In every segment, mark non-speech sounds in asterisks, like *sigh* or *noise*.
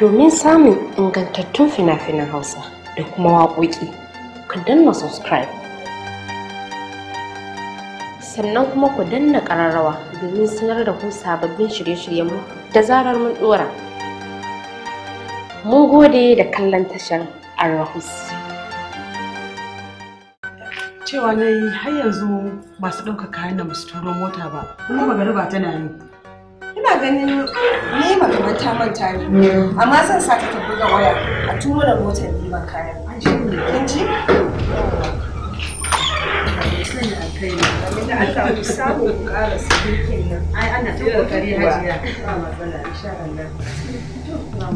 domin samun ingantattun fina-finan hausa da kuma waƙoƙi ku danna subscribe sannan kuma ku danna ƙararrawa domin sanar da ku sababbin shirye-shiryenmu da zarar mun ɗora mun gode da kallon tashar arahus cewa na yi har yanzu masu ɗauka kayan da musu turo mota ba kuma ba tana yi ganin ni ba kamar ta manta ne mm. amma zan sa ta tafi ga waya a tumo da motar ni ba kayan kin ji Ai ana ta kokari hajiya. Ba matsala insha Allah.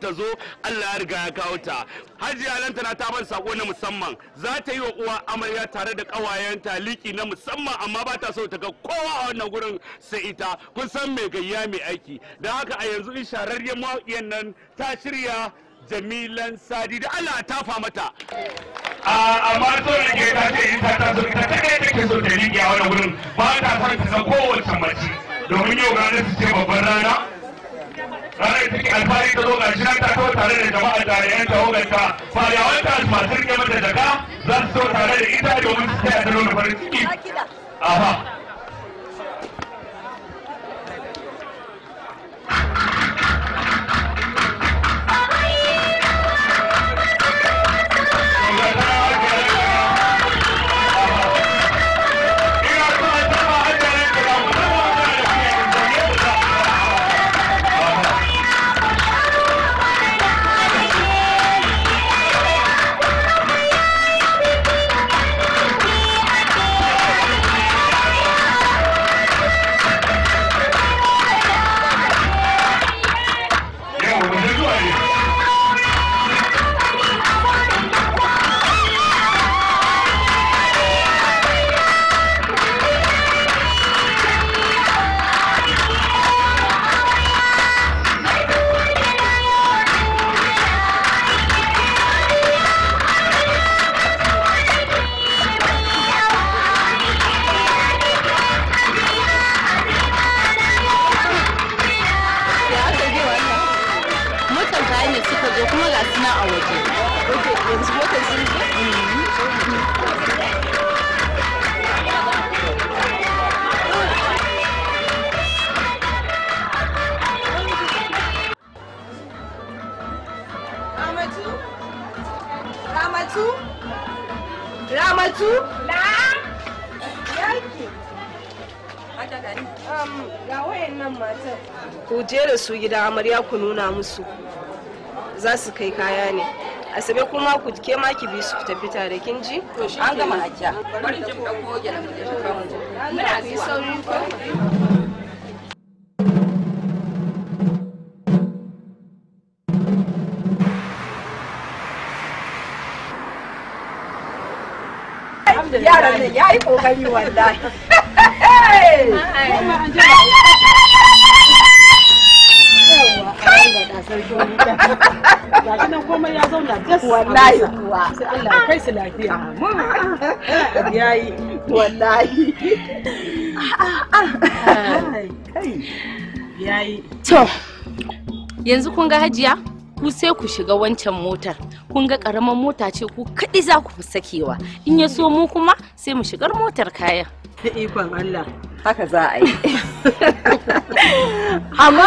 ta zo Allah ya riga ya kawo ta hajiya nan tana ta ban sako na musamman za ta yi wa uwa amarya tare da kawayenta liki na musamman amma ba ta so ta ga kowa a wannan gurin sai ita kun san mai gayya mai aiki don haka a yanzu in shararriyar mawaƙiyar nan ta shirya jamilan sadi da Allah ta fa mata amma so da ke ta ce in ta ta so ita ta kai take so ta riƙe a wannan gurin ba ta son ta san kowace mace domin yau ranar su ce babban rana ranar cikin alfahari ta zo gashi ta to tare da jama'a jari'an tawaganta fariyawan ta masu rike mata jaka za su so tare da ita domin su taya ta nuna farin ciki aha su gidan amarya ku nuna musu za su kai kaya ne asabe kuma ku ke ma ki bi su fita fita da kin ji an gama hajja bari ki dauko gelan mu muna bi sauri ko yaran nan ya yi kokari wallahi ya yanzu kun ga hajiya ku sai ku shiga wancan motar kun ga karamar mota ce ku kaɗi za ku fi sakewa in ya so mu kuma sai mu shigar motar kayan da ikon Allah haka za a yi *laughs* amma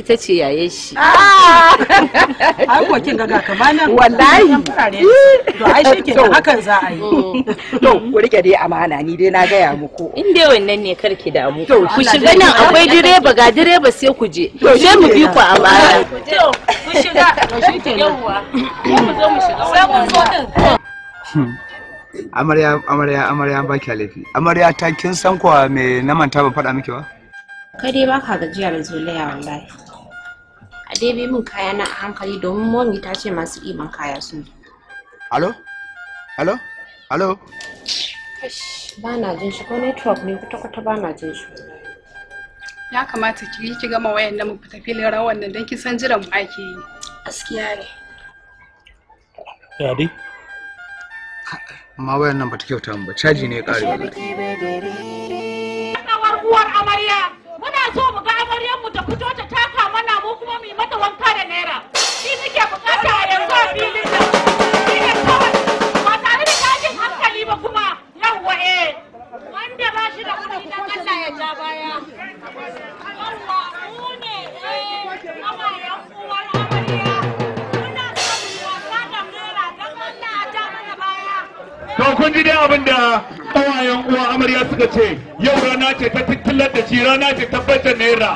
ita ce yaye shi Ah! *laughs* ai ko kin ga kamanan wallahi to ai shi ke hakan za a yi *laughs* to ku rike dai amana ni dai na gaya muku in dai wannan ne karki da mu ku shiga nan akwai direba ga direba sai ku je sai mu bi ku amana to ku shiga shi ke yawa mu zo mu shiga sai mu zo din hmm. amarya amarya amarya ba ki laifi amarya ta kin san kuwa me na manta ba fada miki ba kai dai baka gajiya da zuliya wallahi a dai min kaya na a hankali domin momi ta ce masu ɗiban kaya sun zo alo alo alo ba na jin shi ko network ne kwata-kwata ba na jin shi ya kamata ki yi ki gama wayan nan mu tafi lera wannan nan don ki san jiran ba ake yi gaskiya ne ya dai amma wayan nan ba ta kyauta ba caji ne ya kare wallahi uwar amarya muna so mu ga amaryar mu ta mu kuma mu yi mata wanka da naira shi suke bukata a yanzu a filin nan shi ne kawai ba tare da tashin hankali ba kuma yawwa eh wanda ba shi da kuɗi dan Allah ya ja baya yawwa mu ne eh amayan uwar amarya muna son wasa da naira dan Allah a ja mana baya to kun ji dai abin da kawayen uwa amarya suka ce yau rana ce ta tikilar da shi rana ce ta tabbatar naira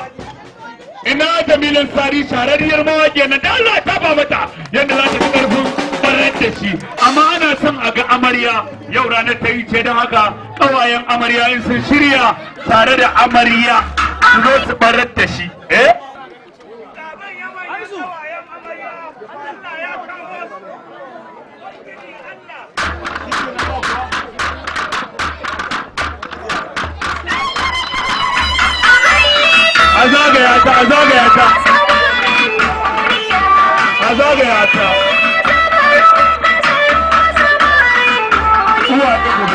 ina jamilin sari shahararriyar mawaƙi na da Allah ta ba mata yadda za ta fi karfin barar da shi amma ana son a ga amarya yau ranar ta yi ce don haka kawayen amarya in sun shirya tare da amarya su zo su barar da shi eh a zagaya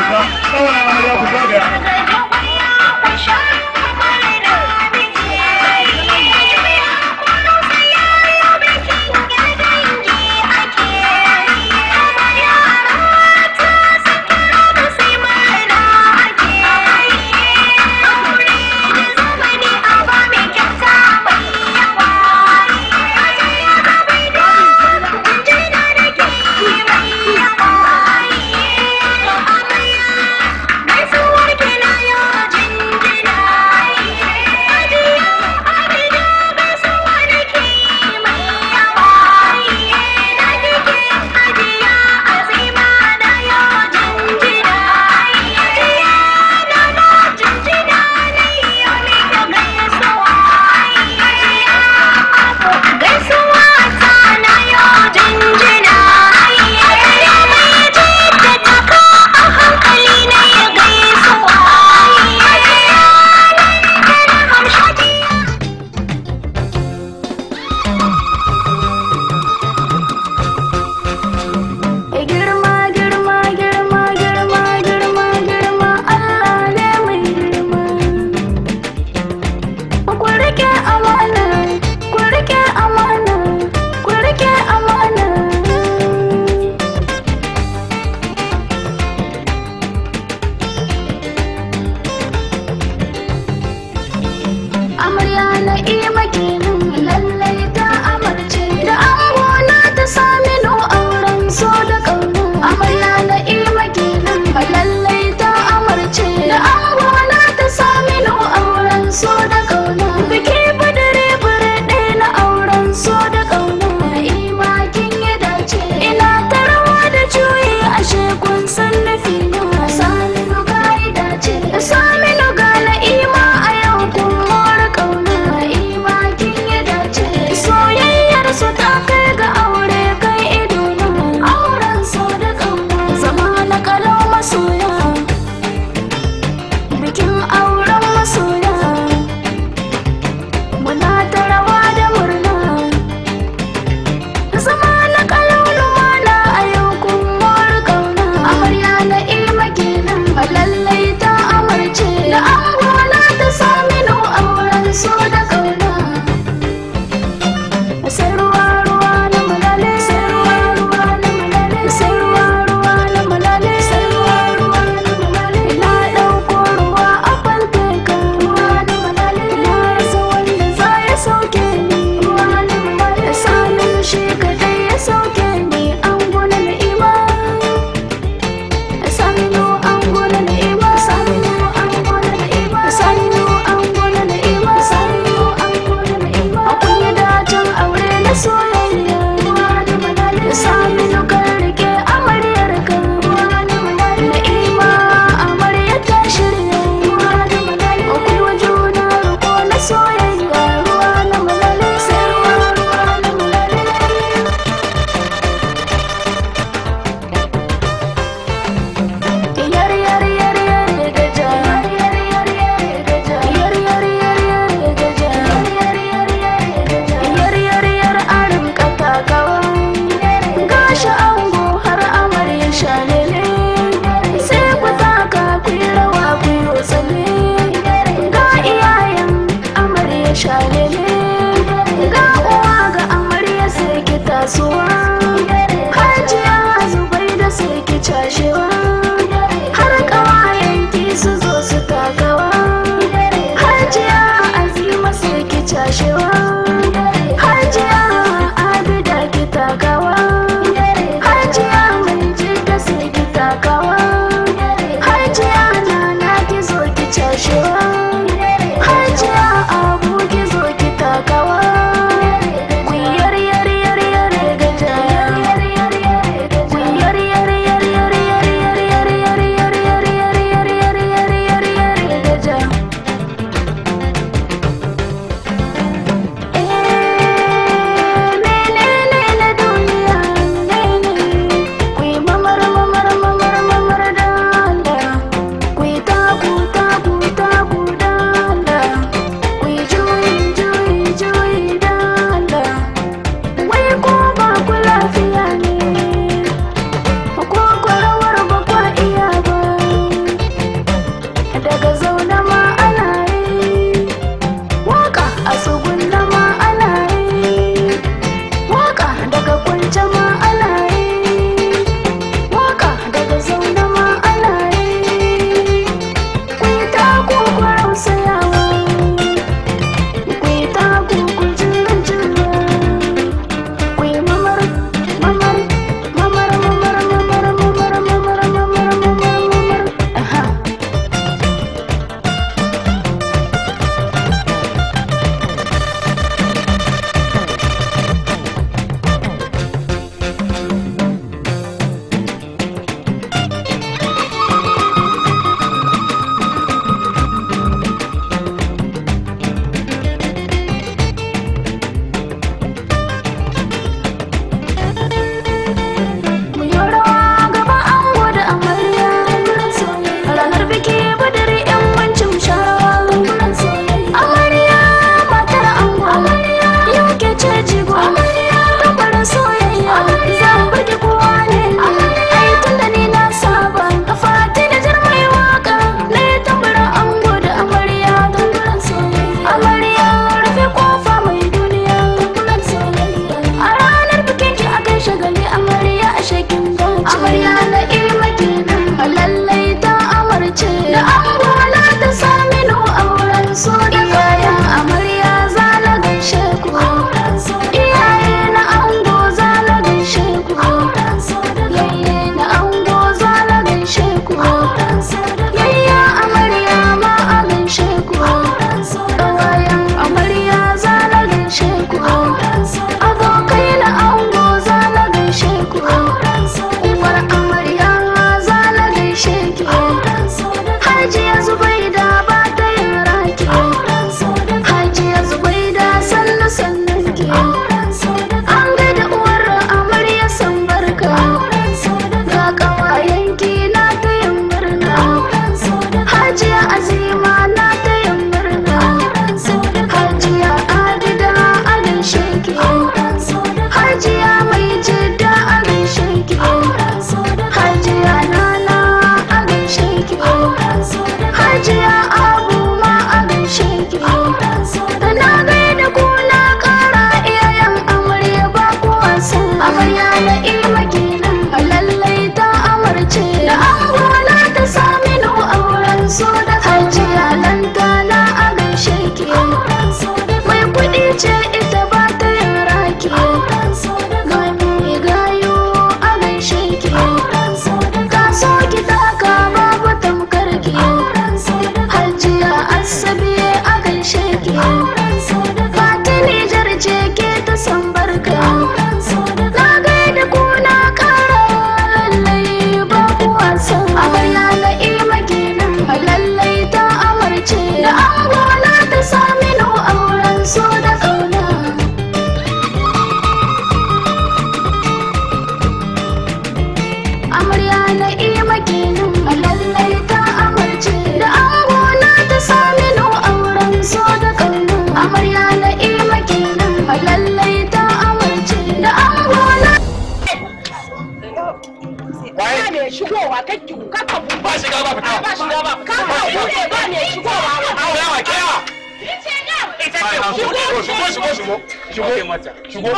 shigo mata shigo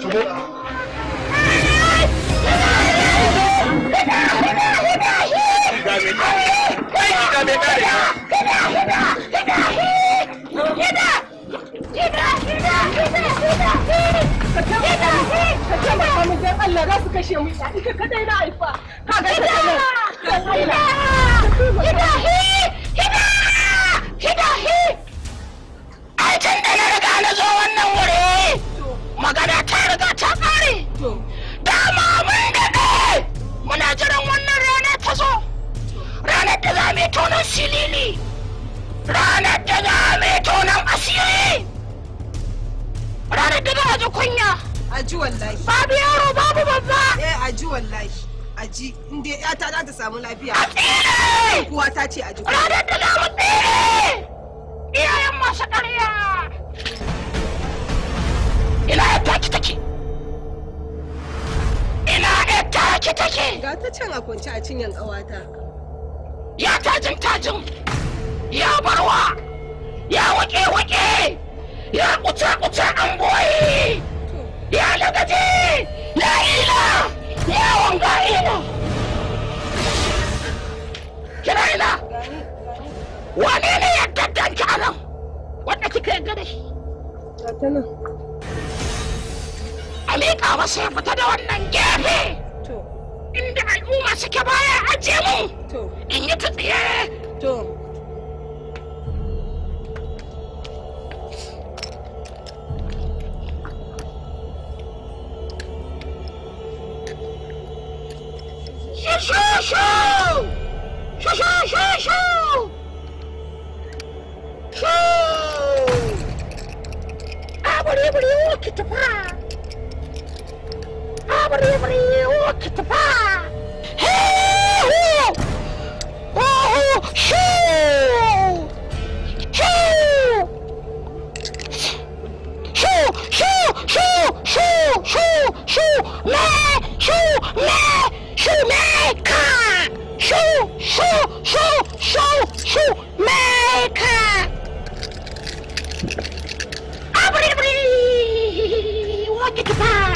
shigo Allah za su kashe mu ita na haifa ka ga ta nan ranar da za mai tonon asiri ranar da za ji kunya aji wallahi babu yaro babu babba eh aji wallahi aji inda yata za ta samu lafiya a tsere kuwa ta ce aji ranar da za mu tsere iyayen masu ƙarya ina ya taki take ina ya taki take ga ta can a kwance a cinyan ƙawata ya tajin tajin ya barwa ya wake-wake ya kuce-kuce an boye ya lagaje ya ila ya wanga ila kira ila wane ne ya daddanci a nan wanda kika yarda da shi alika ba ya fita da wannan gefe inda al'umma suke baya ajiye mu in yi ta tsaye shoo shoo! Shoo shoo shoo shoo! Shoo! Abri abri okita pa! Abri abri okita pa! Hey ho! Oh shoo! Shoo! Shoo! Shoo! Shoo! Shoo! Shoo! Shoo! Shoo! Shoo! Shoo! Shoemaker! Shoe, shoe, shoe, shoe, shoemaker! Abri, ah, abri! Walk it back!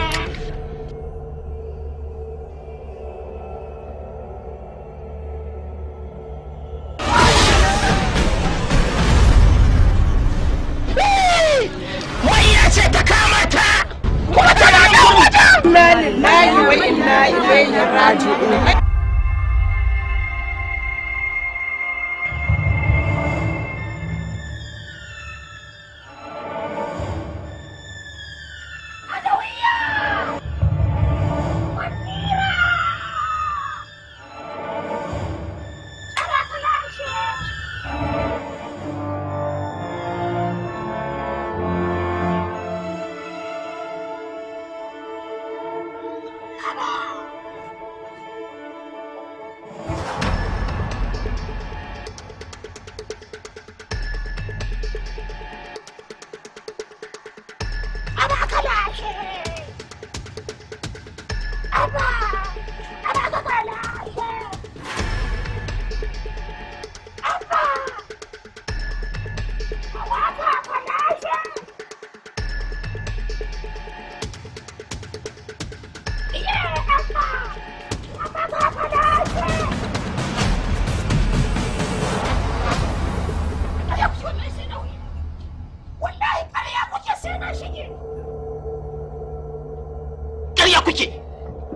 kuke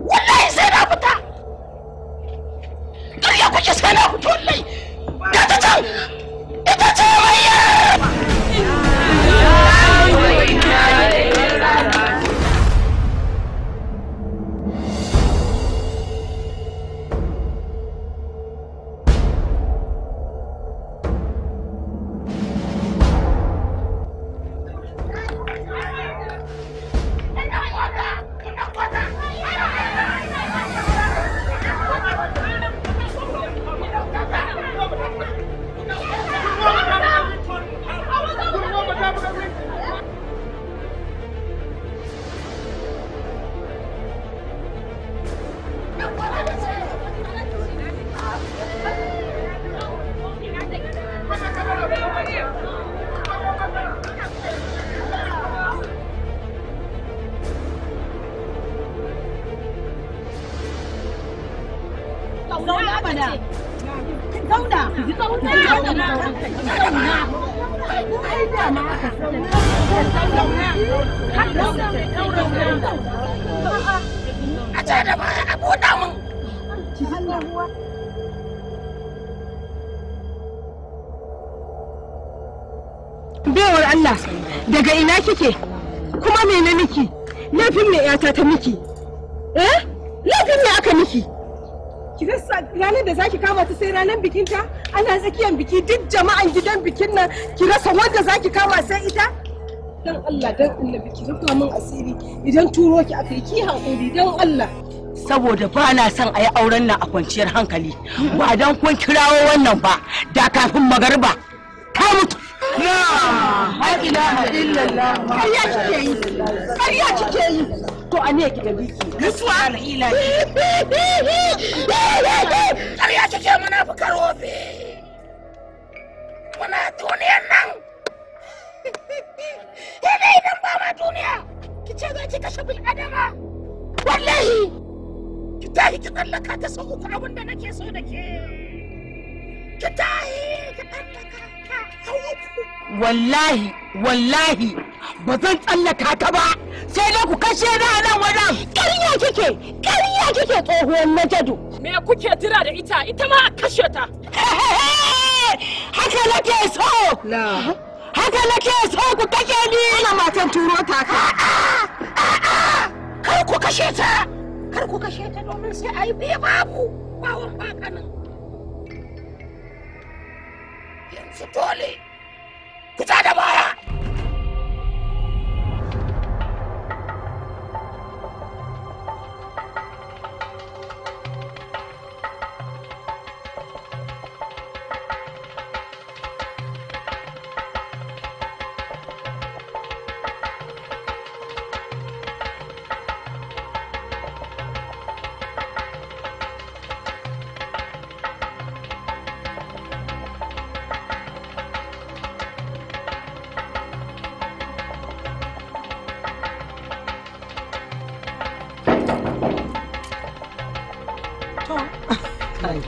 wallahi sai na fita duk ya kuke sai na fito wallahi miki ki rasa ranar da zaki kama ta sai ranar bikin ta ana tsakiyar biki duk jama'an gidan bikin nan ki rasa wanda zaki kama sai ita dan Allah dan Allah ki rufa min asiri idan turo ki akai ki hakuri dan Allah saboda ba na son a yi auren nan a kwanciyar hankali ba dan kun kirawo wannan ba da kafin magarba ka mutu la ilaha illallah ya kike yi ya kike yi to a ne ki gabi ki gaisuwa ila ƙarya ta ce muna fukar wofe muna duniyan nan ina idan ba ma duniya ki ce za ki kashe bil adama wallahi ki tahi ki tsallaka ta sau uku abinda nake so da ke ki tahi ki tsallaka wallahi wallahi ba zan tsallaka ta ba sai dai ku kashe na nan wajen ƙarya kike ƙarya kike tsohuwar najadu me kuke jira da ita ita ma a kashe ta *laughs* haka nake so haka nake so ku kashe ni ina matan turo ta ka kar ku kashe ta kar ku kashe ta domin sai a yi babu bawon bakanin musu dole ku da baya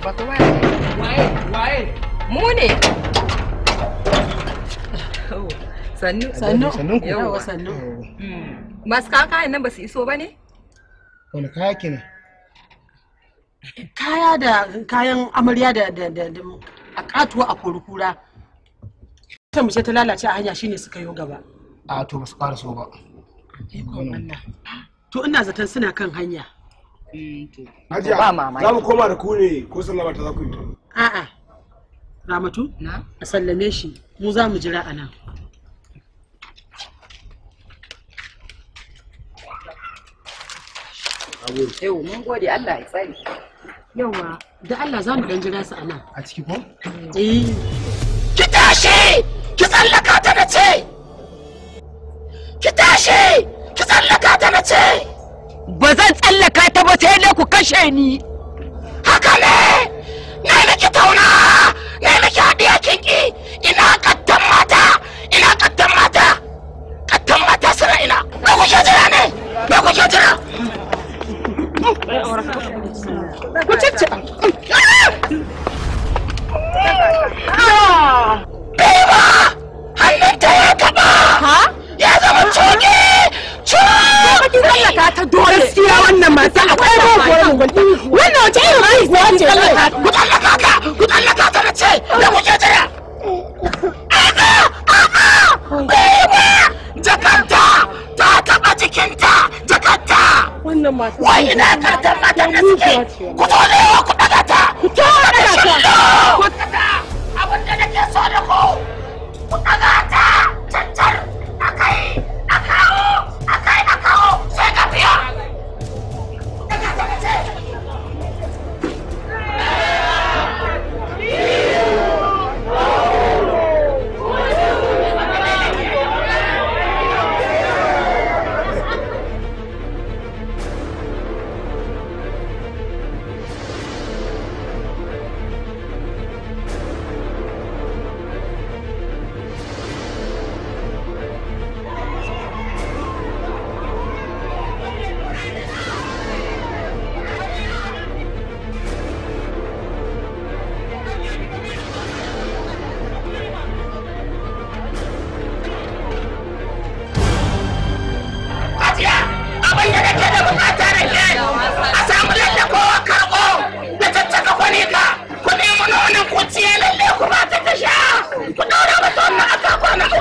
ba kowa waye waye mu ne oh, sannu sannu yawa sannu hmm. masu kawo kayan nan ba su iso ba ne wani kaya kenan kaya da kayan amarya da a katuwa a kurkura ta mace ta lalace a hanya shine suka yi gaba a to ba su fara so ba to ina zaton suna kan hanya Hajiya, za mu koma da ku ne ko sallama ta za ku yi. A'a, Ramatu, a sallame shi, mu za mu jira a nan. Yau, mun gode Allah ya tsari. da Allah za mu dan jira su a nan. A ciki ko? Eh. Ki tashi! Ki tsallaka ta Ki tashi! Ki tsallaka ta ba zan tsallaka ta ba sai dai ku kashe ni haka ne na nake tauna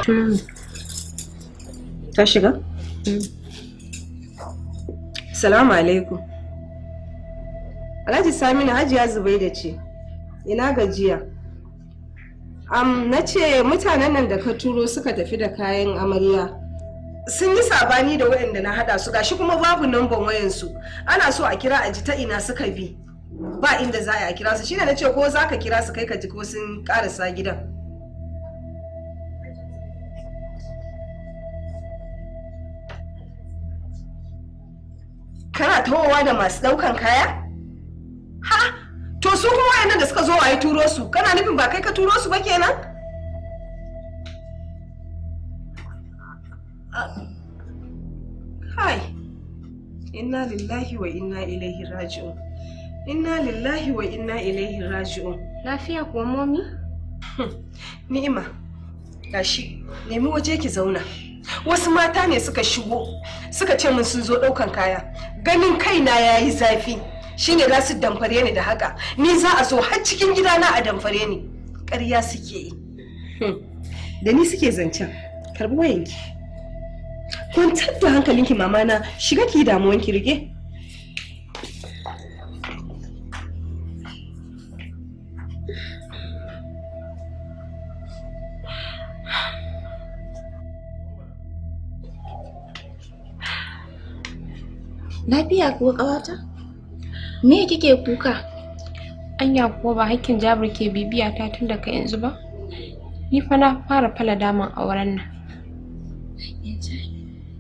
Hmm. Ta shiga? Hmm. Salamu alaikum. Alhaji Saminu Hajiya Zubaida ce, ina gajiya. Am na ce mutanen nan da ka turo suka tafi da kayan amarya. Sun yi sabani da waɗanda na haɗa su gashi kuma babu namban wayansu. Ana so a kira a ji ta ina suka bi. Ba inda za a kira su shine na ce ko za ka kira su kai ka ji ko sun ƙarasa gidan. kana tawowa da masu ɗaukan kaya ha to su kuma wayannan da suka zo yi turo su kana nufin ba kai ka turo su ba kenan Hai! inna lillahi wa inna ilaihi raji'un inna lillahi wa inna ilaihi raji'un lafiya kuwa momi ni'ima gashi nemi waje ki zauna wasu mata ne suka shigo suka ce min sun zo ɗaukan kaya ganin kaina ya yi zafi shine za su damfare ni da haka ni za a zo har cikin gidana a damfare ni ƙarya suke yi hmm. da ni suke zancen karbi wayanki kun da hankalinki mamana shiga ki damuwanki rike Lafiya kuwa ƙawata? Me kike kuka? Anya kuwa ba hakkin Jabir ke bibiya ta tun daga yanzu ba? Ni fa na fara fala daman auren nan.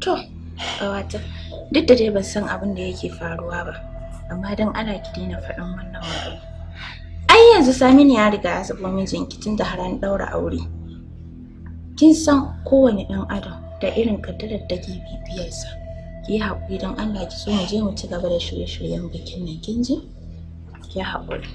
To, ƙawata, duk da dai ban san abin da yake faruwa ba, amma don ana ki daina faɗin wannan magana. Ai yanzu Saminu ya riga ya zama mijinki tun da har an ɗaura aure. Kin san kowane ɗan adam da irin kaddarar da ke bibiyarsa. ki haƙuri don Allah ki so mu je mu ci gaba da shirye-shiryen bikin nan kin ji ki haƙuri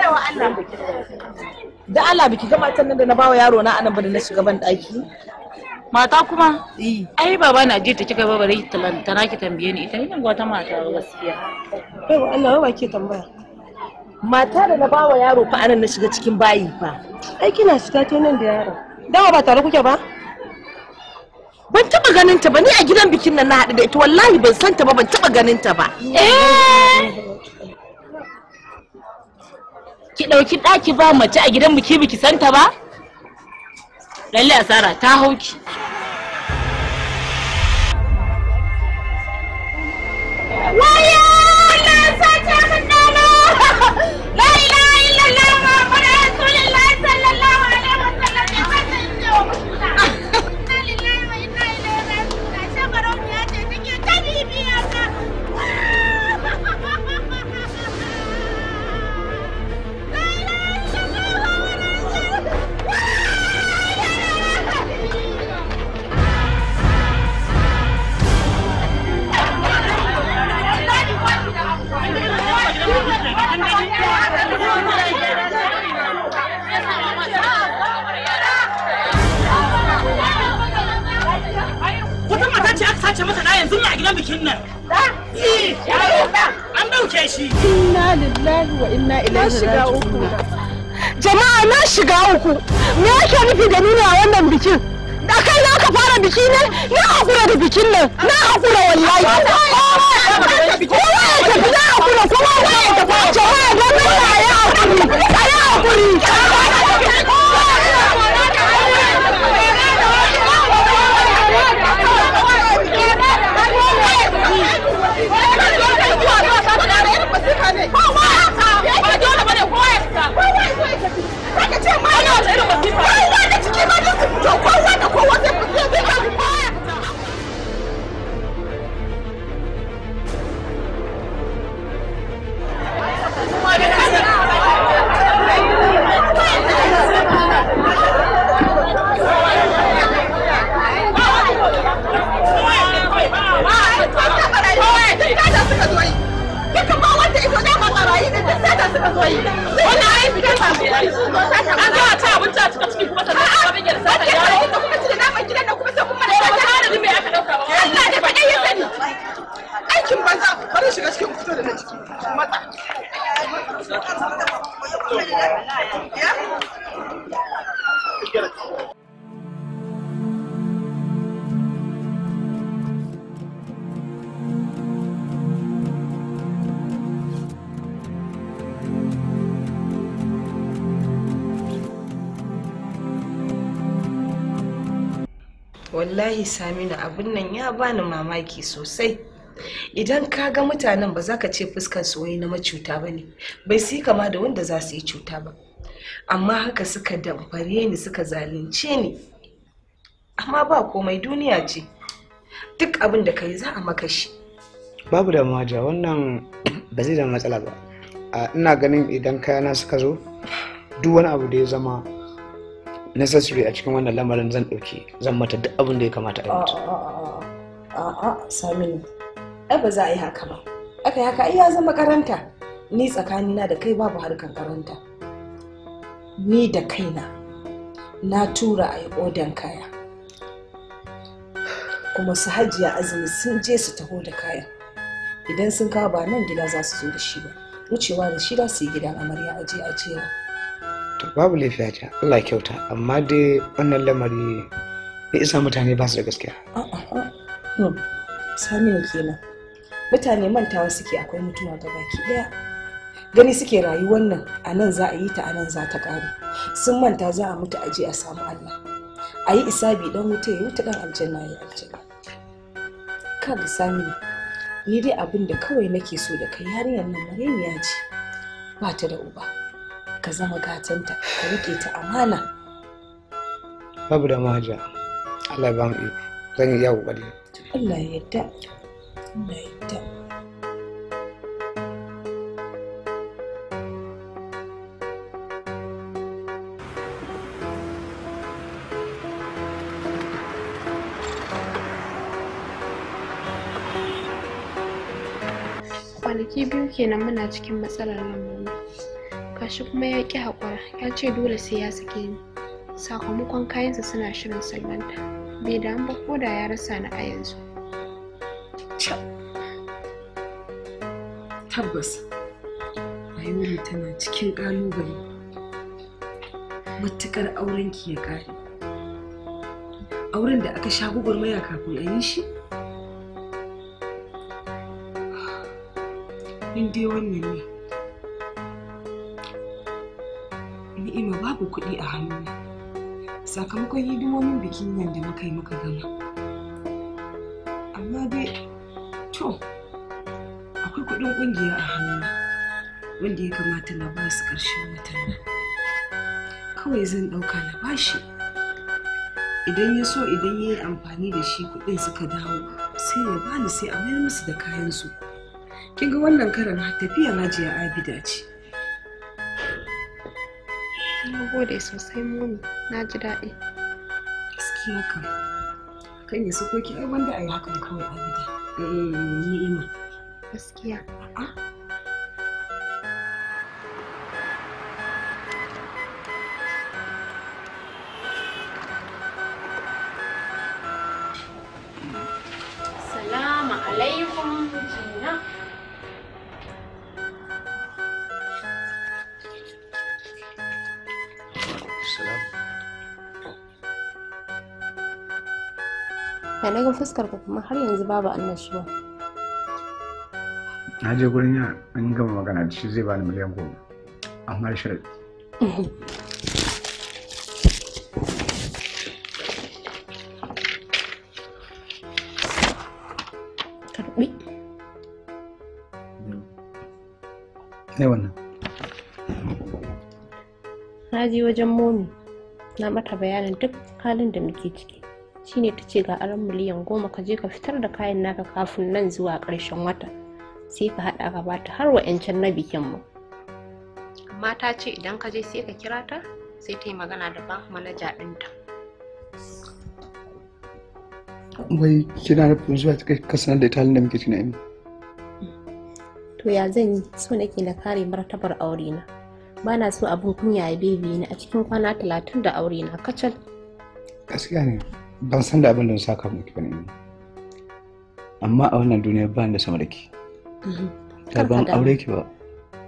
Allah da Allah biki ga can nan da na bawa yaro na anan ba da na shiga ban ɗaki. mata kuma e. ai baba na ji ta kika ba bare ta na ki tambaye ni ita ina gwata mata gaskiya kai ba Allah ba ke tambaya mata da na bawa yaro fa anan na shiga cikin bayi fa ai kina shiga to nan da yaro dawa ba tare kuke ba ban taba ganin ta ba ni a gidan bikin nan na haɗu da ita wallahi ban san ta ba ban taba ganin ta ba eh! ki ɗauki daki ba mace a gidan biki biki santa ba لله سارة تاهوج yanzu na gina bikin nan. An dauke shi. Inna lillahi wa inna ilaihi raji'un. Jama'a na shiga uku. Me yake nufi da nuna wannan bikin? Da kai na ka fara biki ne? Na hakura da bikin nan. Na hakura wallahi. Kowa ya tafi na hakura. Kowa ya tafi. Jama'a don Allah ya hakuri. Ya hakuri. Saminu abin nan ya bani mamaki sosai. Idan ka ga mutanen ba za ka ce fuskar su wai na macuta ba ne, bai su kama da wanda za su yi cuta ba. Amma haka suka damfare ni suka zalunce ni. Amma ba komai duniya ce, duk abin da ka yi za a maka shi. Babu da maja wannan *clears throat* ba zai da matsala ba. Ina ganin idan kayana suka zo, duk wani abu da ya zama necessary a cikin wannan lamarin zan ɗauki zan mata duk abin da ya kamata a yi mata. A'a Saminu, ai ba za a yi haka ba. Aka haka ai ya zama karanta. Ni tsakanina da kai babu harkan karanta. Ni da kaina na tura a yi odan kaya. Kuma su hajiya azumi sun je su taho da kaya. Idan sun kawo ba nan gida za su zo da shi ba. Wucewa da shi za su yi gidan amarya aje a jera. to babu laifi a Allah kyauta amma dai wannan lamari bai isa mutane ba su da gaskiya samiyo kenan mutane mantawa suke akwai mutuwa ga baki daya gani suke rayuwar nan a nan za a yi ta a nan za ta kare sun manta za a mutu a aje a samu Allah a yi isabi dan wuta ya wuta dan aljanna ya aljanna Kada sami ni dai abin da kawai nake so da kai yarinyar nan ya ce ba ta da uba ka zama gatanta ka rike ta amana babu da mahaja Allah ba mu iko zan yi yawo kokari Allah ya yarda Allah ya yarda kwanaki biyu kenan muna cikin matsalar nan gashi kuma ya ƙi haƙura ya ce dole sai ya sake ni sakamakon kayansa suna shirin salmanta bai da ba ko da ya rasa ni a yanzu tabbas rayuwar tana cikin ƙalubale matuƙar aurenki ya ƙare auren da aka sha gwagwarmaya kafin a yi shi ah, in dai wannan ne babu kuɗi a hannuna sakamakon hidimomin bikin nan da muka yi muka gama amma dai to akwai kuɗin ƙungiya a hannuna wanda ya kamata na ba su ƙarshen watan nan kawai zan ɗauka na bashi idan ya so idan ya yi amfani da shi kuɗin suka dawo sai ya bani sai a mayar musu da kayansu kin ga wannan karan tafiya hajiya abida ce gode sosai muni na ji daɗi gaskiya kam kan yi sukoki ai wanda a yi hakan kawai a gida eh, ina. gaskiya a'a salam na ga fuskar ka kuma har yanzu babu annashuwa na je gurin ya an gama magana da shi zai bani miliyan goma amma shirya na je wajen momi na mata bayanin duk halin da muke ciki shine ta ce ga aron miliyan goma ka je ka fitar da kayan naka kafin nan zuwa ƙarshen wata sai ka haɗa gaba bata har wa'yancan na bikin mu amma ta ce idan ka je sai ka kira ta sai ta yi magana da bank manaja ɗinta wai kina nufin zuwa ta kai ka sanar da ita da muke ciki to ya zan yi so nake na kare martabar aure na ba na so abin kunya ya bebe ni a cikin kwana talatin da aure na kacal gaskiya ne ban san da abin da saka miki ba ne amma a wannan duniyar ba da sama da ke. ta mhm. ban aure ki ba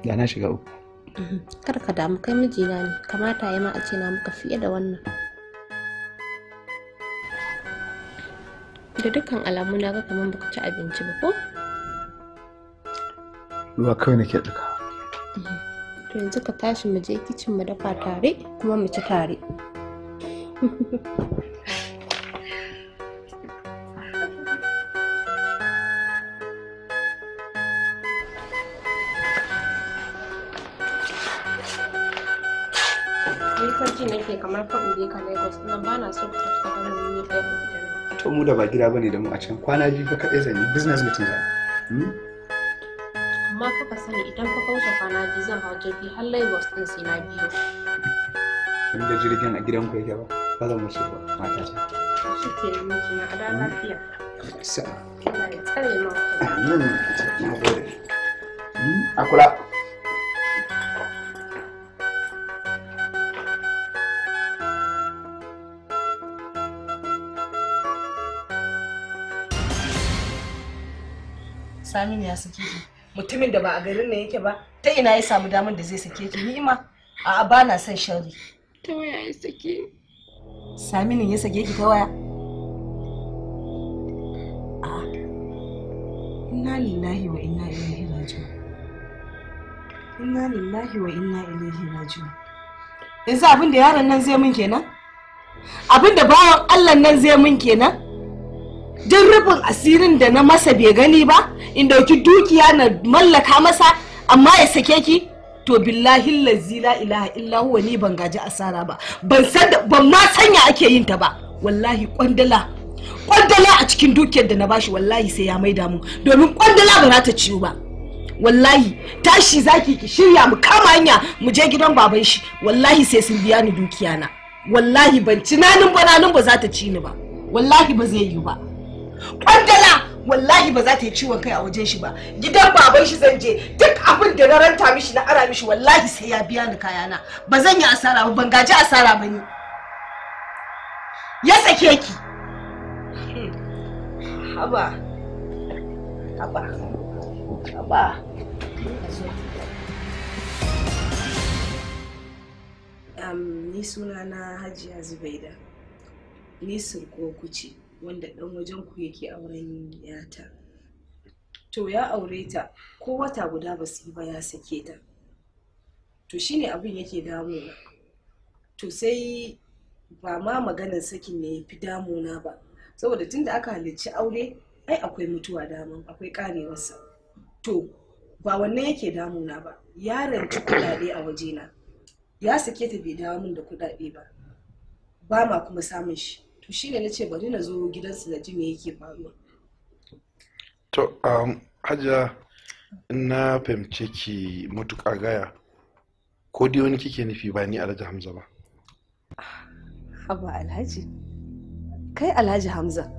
da na shiga uku mhm. kar ka damu kai mijina ne kamata ya ma a ce na muka fiye da wannan da dukkan alamu na ga kamar baka ci abinci ba ko ruwa kawai nake tsaka mhm. to yanzu ka tashi mu je kicin mu dafa tare kuma mu ci tare To mu da ba gida bane da mu a can kwana biyu ba kaɗai zan yi business meeting zan. jirgi har Lagos din sai na biyo. In da jirgin a gidan ku yake ba, ba zan musu ba mata ta. Shi ke yi miki na ada hmm? lafiya. Sa. Allah tsare ma. Amin. Na gode. Hmm? A kula. Sami ne ya suke mutumin da ba a garin ne yake ba ta ina ya samu damar da zai sake ki ni'ima a ba na son shari ta waya ya sake saminin ya sake ki ta waya a inna lillahi wa inna ilaihi raji'un inna lillahi wa inna ilaihi raji'un yanzu abin da yaron nan zai min kenan abin da bawan Allah nan zai min kenan don rufin asirin da na masa bai gani ba in dauki dukiya na mallaka masa amma ya sake ki to billahi lazi la ilaha illa huwa ni ban gaji asara ba ban ban ma sanya ake yin ta ba wallahi kwandala kwandala a cikin dukiyar da na bashi wallahi sai ya maida mu domin kwandala ba za ta ciwo ba wallahi tashi zaki ki shirya mu kama hanya mu je gidan baban shi wallahi sai sun biya ni dukiya na wallahi ban ci nanin ba nanin ba za ta ci ni ba wallahi ba zai yi ba kwandala wallahi ba za ta yi ciwon kai a wajen shi ba gidan baban shi zan je duk abin da na ranta mishi na ara mishi wallahi sai ya biya ni kaya na ba zan yi asara ba ban gaji asara ba ni ya sake ki haba haba haba ni sunana hajiya zubaida ni surko kuce wanda ɗan wajen ku yake auren yata to ya aure ta ko wata guda ba su yi ba ya sake ta to shine abin yake damuna to sai ba ma maganar sakin ne fi damuna ba saboda tun da aka halarci aure ai akwai mutuwa daman akwai karewarsa to ba wannan yake damuna ba ya ranci kudade a wajena ya sake ta bai dawo min da kuɗaɗe ba ba ma kuma samun shi to shine na ce bari na zo gidansu na ji me yake faruwa to um, hajiya na fahimce ki matuƙa gaya ko dai wani kike nufi ba ni alhaji hamza ba haba alhaji kai alhaji hamza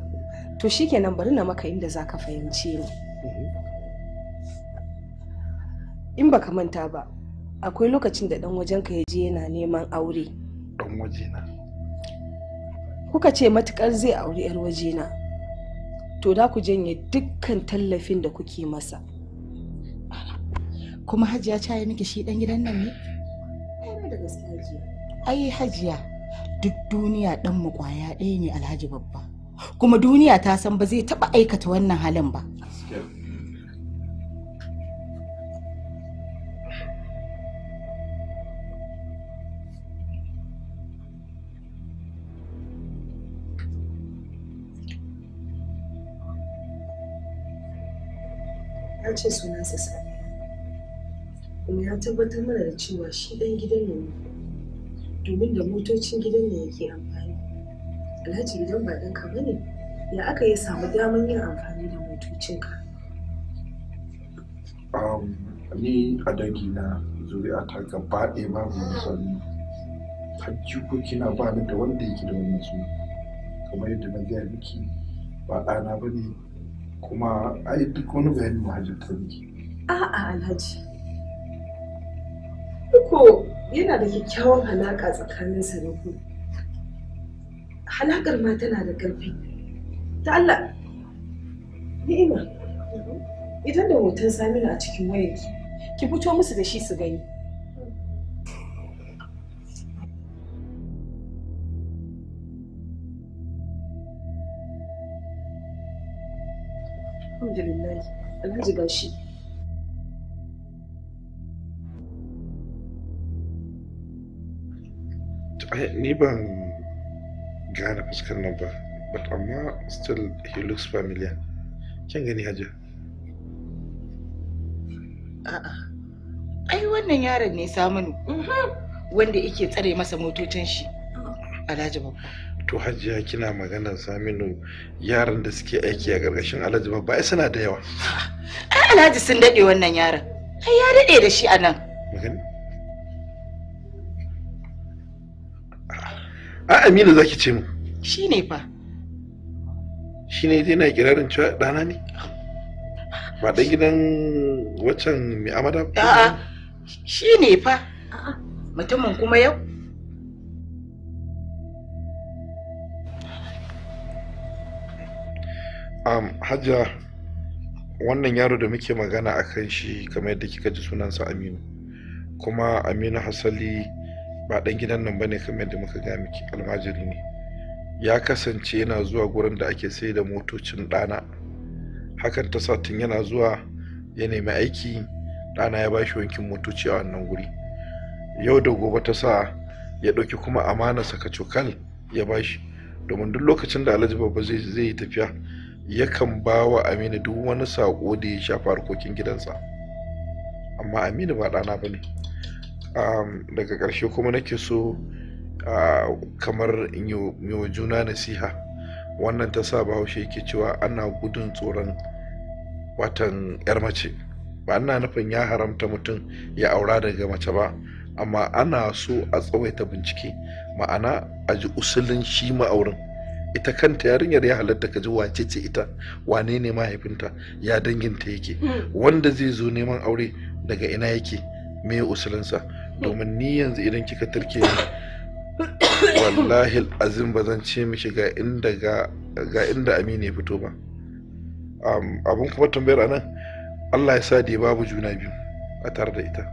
to shi nan, bari na maka inda ka fahimce ni in baka manta ba akwai lokacin da dan wajenka ya je yana neman aure dan kuka ce matukar zai auri 'yar wajena to da ku janye dukkan tallafin da kuke masa kuma hajiya ta yi miki shi dan gidan nan ne ai hajiya duk duniya dan mu kwaya ɗaya ne alhaji babba kuma duniya ta san ba zai taba aikata wannan halin ba ce sunansa Sani. Kuma ya tabbatar mana da cewa shi ɗan gidan ne domin da motocin gidan ne yake amfani. Alhaji gidan ba ɗanka ba ne, ya aka yi samu daman yin amfani da motocinka? Um, ni a dangina zuri'a a gaba ɗaya babu musamman. ko kina ba da wanda yake da wannan suna. Kamar yadda na gaya miki ba ɗana ba ne kuma ai duk wani bayani da hajjar ta miki a'a alhaji ko yana da kyakkyawan halaka tsakanin sa da ku halakar ma tana da ƙarfi ta Allah ni'ima idan da hoton samina a cikin wayarki ki fito musu da shi su gani alhaji gashi ni ban gane fuskar nan ba but amma still he looks familiar kin gani hajiya a'a ai wannan yaron ne saminu mhm. wanda yake tsare masa motocin shi oh. alhaji babba to hajiya kina maganar saminu yaran da suke aiki a ƙarƙashin alhaji ba ai suna da yawa *laughs* ai alhaji sun daɗe wannan yaran ai ya daɗe da shi a nan a aminu zaki ce mu shi ne fa shi ne dai na kirarin cewa ɗana ne ba ɗan gidan waccan mai amada a'a shi ne fa mutumin kuma yau um, hajja wannan yaro da muke magana a kan shi kamar yadda kika ji sunansa aminu kuma aminu hasali ba ɗan gidan nan bane kamar yadda muka ga miki almajiri ne ya kasance yana zuwa gurin da ake sai da motocin ɗana hakan ta sa tun yana zuwa ya nemi aiki ɗana ya bashi wankin motoci a wannan guri yau da gobe ta sa ya ɗauki kuma amana saka cokal ya bashi, shi domin duk lokacin da alhaji babba zai yi tafiya yakan ba wa aminu duk wani saƙo da ya shafa harkokin gidansa amma aminu ba ɗana ba ne daga ƙarshe kuma nake so kamar yi juna nasiha wannan ta sa bahaushe ke cewa ana gudun tsoron watan 'yar mace ba ana nufin ya haramta mutum ya aura daga mace ba amma ana so a tsawaita bincike ma'ana a ji usulin shi ma'aurin ita kanta yarinyar ya halatta ka ji wace ce ita wane ne mahaifinta ya danginta yake hmm. wanda zai zo neman aure daga ina yake me usulinsa domin ni yanzu idan kika turke ni *coughs* wallahi azim ba zan ce miki ga inda ga ya fito ba abin kuma tambayar anan Allah ya sa da babu juna biyu a tare da ita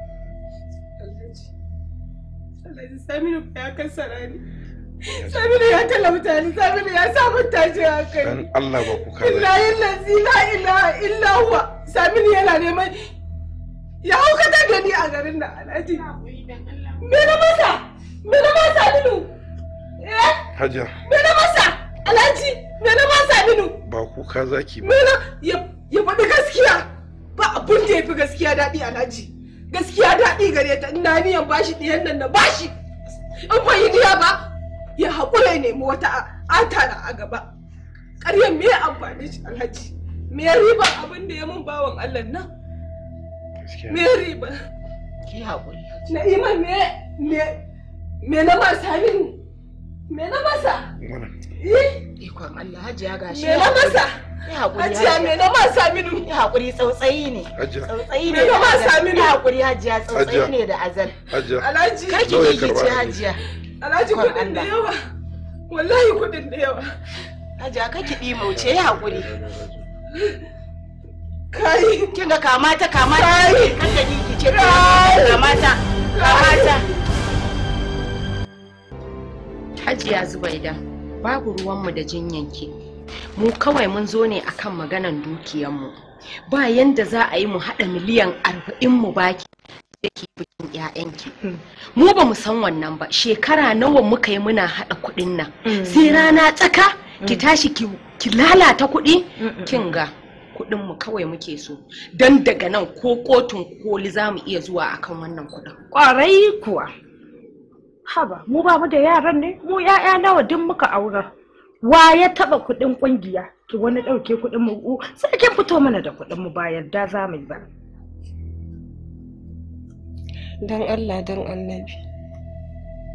Saminu ya talauta ni, Saminu ya samun tashi hankali. Dan Allah ba ku kare. Illa illa zila illa illa huwa. Saminu yana neman ya haukata da ni a garin da Alhaji. Me na masa? Me na masa minu Eh? Hajiya. Me na masa? Alhaji, me na masa minu Ba kuka zaki ba. Me na ya faɗi gaskiya. Ba abun da ya fi gaskiya daɗi Alhaji. Gaskiya daɗi gare ta ina niyan bashi ɗiyan nan na bashi. In fa yi diya ba, ya haƙura ya nemi wata atana a gaba ƙaryar me amfani shi alhaji me riba abin ya mun bawan allah nan me riba ki haƙuri na'ima me me me na masa min me na masa eh? ikon allah ya gashi me na masa Hajiya me na ma sami ni? haƙuri tsautsayi ne. Tsautsayi ne. Me na ma hajiya tsautsayi ne da azal. Hajiya. Alhaji. Kar ki ce hajiya. Alhaji kuɗin da yawa. Wallahi kuɗin da yawa. Aja ka kiɗi mauce ya haƙuri. Kai. Kin ga kamata kamata. Kai. Kan da ki ce kamata kamata. Hajiya Zubaida babu ruwanmu da jinyanki. Mu kawai mun zo ne akan maganan dukiyanmu. Ba yanda za a yi mu haɗa miliyan arba'in mu baki. ki bikin ki mu ba mu san wannan ba shekara nawa muka yi muna haɗa kuɗin nan mm. sai rana tsaka ki mm. tashi ki lalata kuɗi kin ga kuɗin mu kawai muke so don daga nan ko kotun koli za mu iya zuwa akan wannan kuɗin kwarai kuwa haba mu ba mu da yaran ne mu ƴaƴa nawa duk muka aura wa ya taɓa kuɗin ƙungiya ki wani ɗauke kuɗin mu sai kin fito mana da kuɗin mu ba yarda za mu yi ba don allah don annabi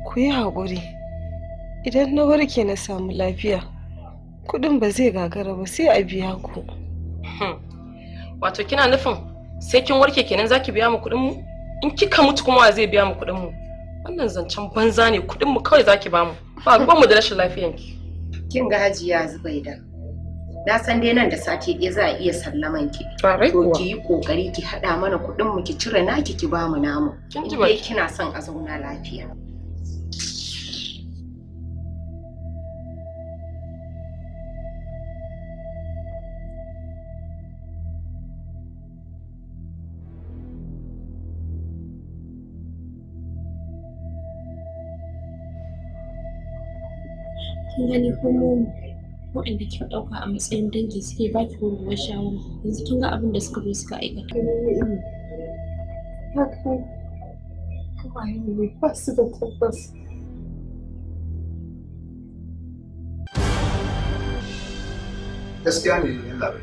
ku yi haƙuri idan na warke na samu lafiya kuɗin ba zai gagara ba sai a biya ku hmm. wato kina nufin sai kin warke kenan za ki biya mu kuɗin mu in kika mutu kuma wa zai biya mu kuɗin mu wannan zancen banza ne kuɗin mu kawai za ki ba mu ba ruwan mu da rashin lafiyanki kin ga hajiya zubaida na san dai nan da sati ɗaya za a iya sallaman ki to ki yi kokari ki haɗa mana kuɗin mu ki cire naki ki ba bamu namu dai kina son a zauna lafiya Kin gani kuma waɗanda kika ɗauka a matsayin dangi suke ba ki gurguwar shawara yanzu kin ga abin da suka zo suka aikata. Haka kawaye ne ba su da tabbas. Gaskiya ne yan labarai.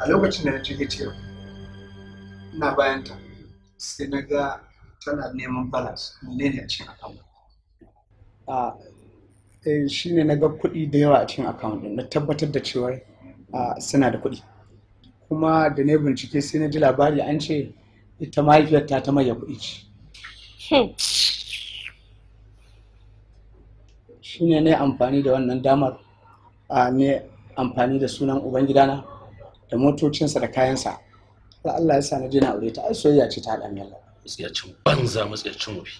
A lokacin da na cike cewa ina bayan ta sai na ga tana neman balas ne a cikin akan. Eh, shi ne na ga kuɗi da yawa a cikin account na tabbatar da cewa suna da kuɗi kuma da ne bincike sai na ji labari an ce ita mahaifiyar ta ta maye kuɗi ce hmm. shi ne na amfani da wannan damar a ne amfani da sunan ubangidana da motocinsa da kayansa Allah ya sa na je na aure ta ai soyayya ce ta haɗa banza matsiyacin wabi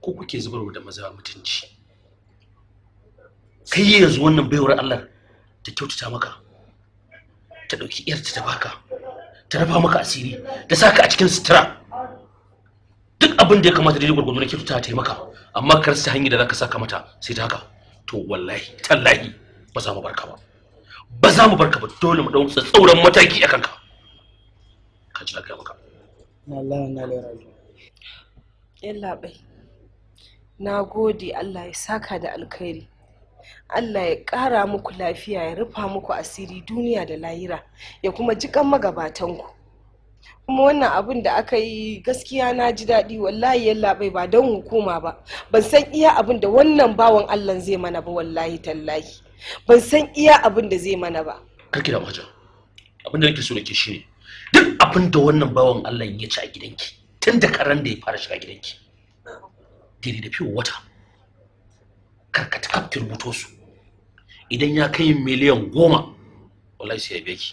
ko kuke zubarwa da maza mutunci kai yanzu wannan baiwar Allah ta kyautata maka ta ɗauki iyarta ta baka ta rafa maka asiri ta saka a cikin sutura duk abin da ya kamata daidai gwargwado na kyautata ta yi maka amma kar ta hanyar da zaka saka mata sai ta haka to wallahi tallahi ba za mu barka ba ba za mu barka ba dole mu ɗau tsauran mataki a kanka ka ji lafiya maka wallahi na da rayuwa yalla bai na gode Allah ya saka da alkhairi Allah ya ƙara muku lafiya ya rufa muku asiri duniya da lahira ya kuma jikan magabatanku kuma wannan abin da aka yi gaskiya na ji daɗi wallahi yalla bai ba don hukuma ba ban san iya abin da wannan bawan Allah zai mana ba wallahi tallahi ban san iya abin da zai mana ba kake kira wajen abin da nake so nake shine duk abin da wannan bawan Allah ya ci a gidanki tun da karan da ya fara shiga gidanki daidai da fiye wata karkata kaftir rubuto su idan ya kai miliyan goma wallahi sai ya biya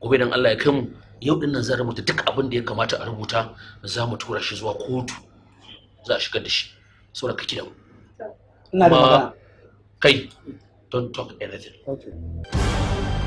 gobe idan Allah ya kai mu yau din nan zan rubuta duk abin da ya kamata a rubuta za mu tura shi zuwa kotu za a shigar da shi saboda kake da mu ina da kai don talk anything okay.